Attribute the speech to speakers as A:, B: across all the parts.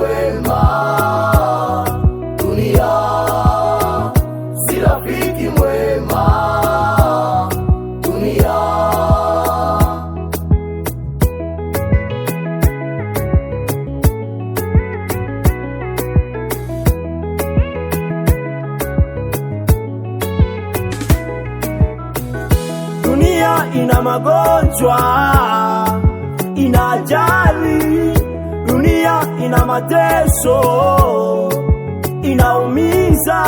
A: mwema, dunia si rafiki mwema, dunia dunia ina magonjwa, ina ajali dunia ina mateso, inaumiza.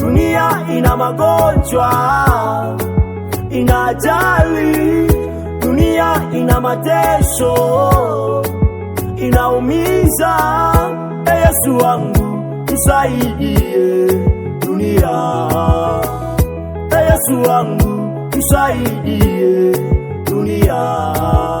A: Dunia ina magonjwa, ina ajali. Dunia ina mateso, inaumiza. E Yesu wangu tusaidie dunia, e Yesu wangu tusaidie dunia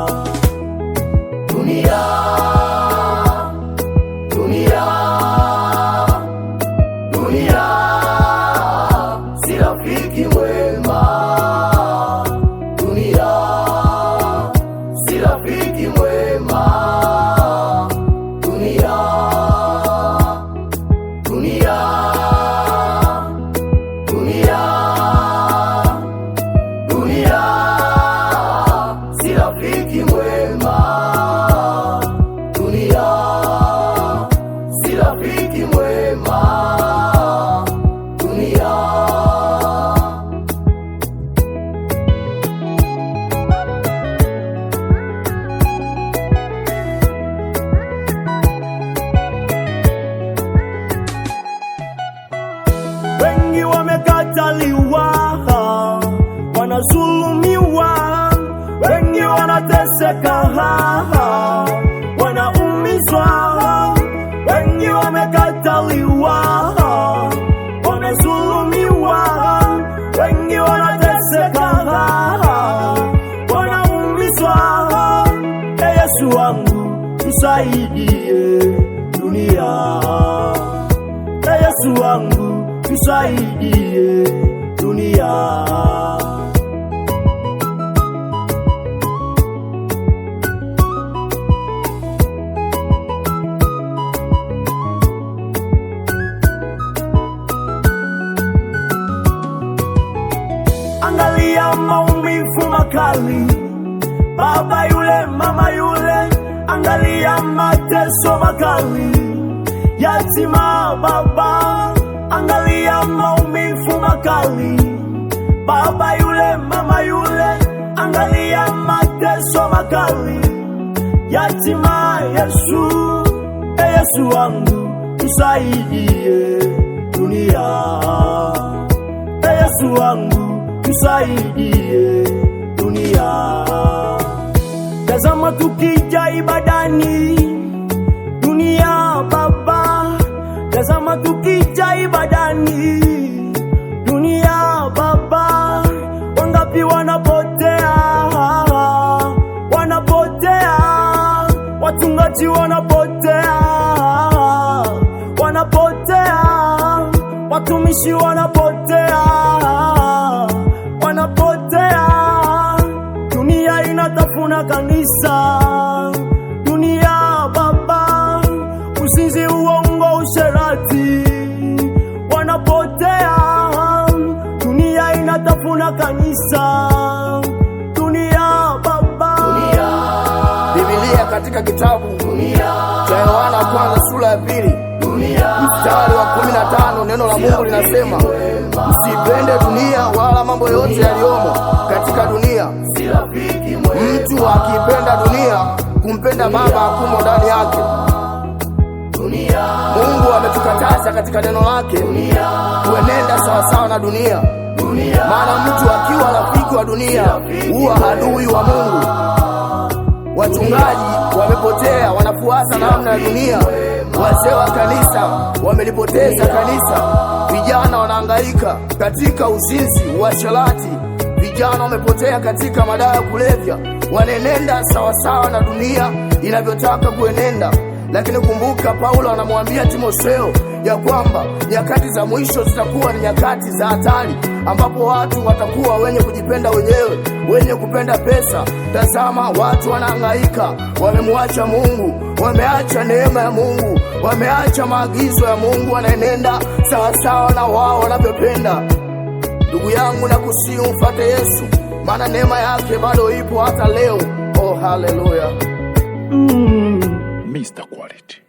A: mwema, dunia si rafiki mwema, dunia wengi wamekataliwa, wanazulumiwa wengi wanateseka, wanaumizwa, wengi wamekataliwa, wamezulumiwa, wengi wanateseka, wanaumizwa. Ee Yesu wangu tusaidie dunia, ee Yesu wangu tusaidie dunia machafu makali. Baba yule, mama yule, angalia mateso makali. Yatima baba, angalia maumivu makali. Baba yule, mama yule, angalia mateso makali. Yatima Yesu, e Yesu wangu, tusaidie dunia. E Yesu wangu, tusaidie dunia. Tazama tukija ibadani, dunia baba. Tazama tukija ibadani, dunia baba. Wangapi wanapotea, wanapotea, watungaji wanapotea, wanapotea, watumishi wanapotea kanisa dunia, Baba, usinzi, uongo, usherati wanapotea. Dunia inatafuna kanisa, dunia Baba.
B: Biblia katika kitabu cha Yohana kwanza sura ya pili mstari wa kumi na tano neno la Mungu linasema msipende dunia wala mambo yote yaliyomo katika dunia mtu akipenda dunia, kumpenda Baba akumo ndani yake. Mungu ametukataza katika neno lake kuenenda sawasawa na dunia, maana mtu akiwa rafiki wa dunia huwa adui wa Mungu. Wachungaji wamepotea, wanafuasa namna ya dunia. Wazee wa kanisa wamelipoteza kanisa. Vijana wanahangaika katika uzinzi, uasherati. Vijana wamepotea katika madawa ya kulevya wanaenenda sawasawa na dunia inavyotaka kuenenda. Lakini kumbuka, Paulo anamwambia Timotheo ya kwamba nyakati za mwisho zitakuwa ni nyakati za hatari, ambapo watu watakuwa wenye kujipenda wenyewe, wenye kupenda pesa. Tazama, watu wanahangaika, wamemwacha Mungu, wameacha neema ya Mungu, wameacha maagizo ya Mungu, wanaenenda sawasawa na wao wanavyopenda. Ndugu yangu, nakusihi umfuate Yesu maana neema yake bado ipo hata leo. Oh, haleluya!
C: mm. Mr Quality.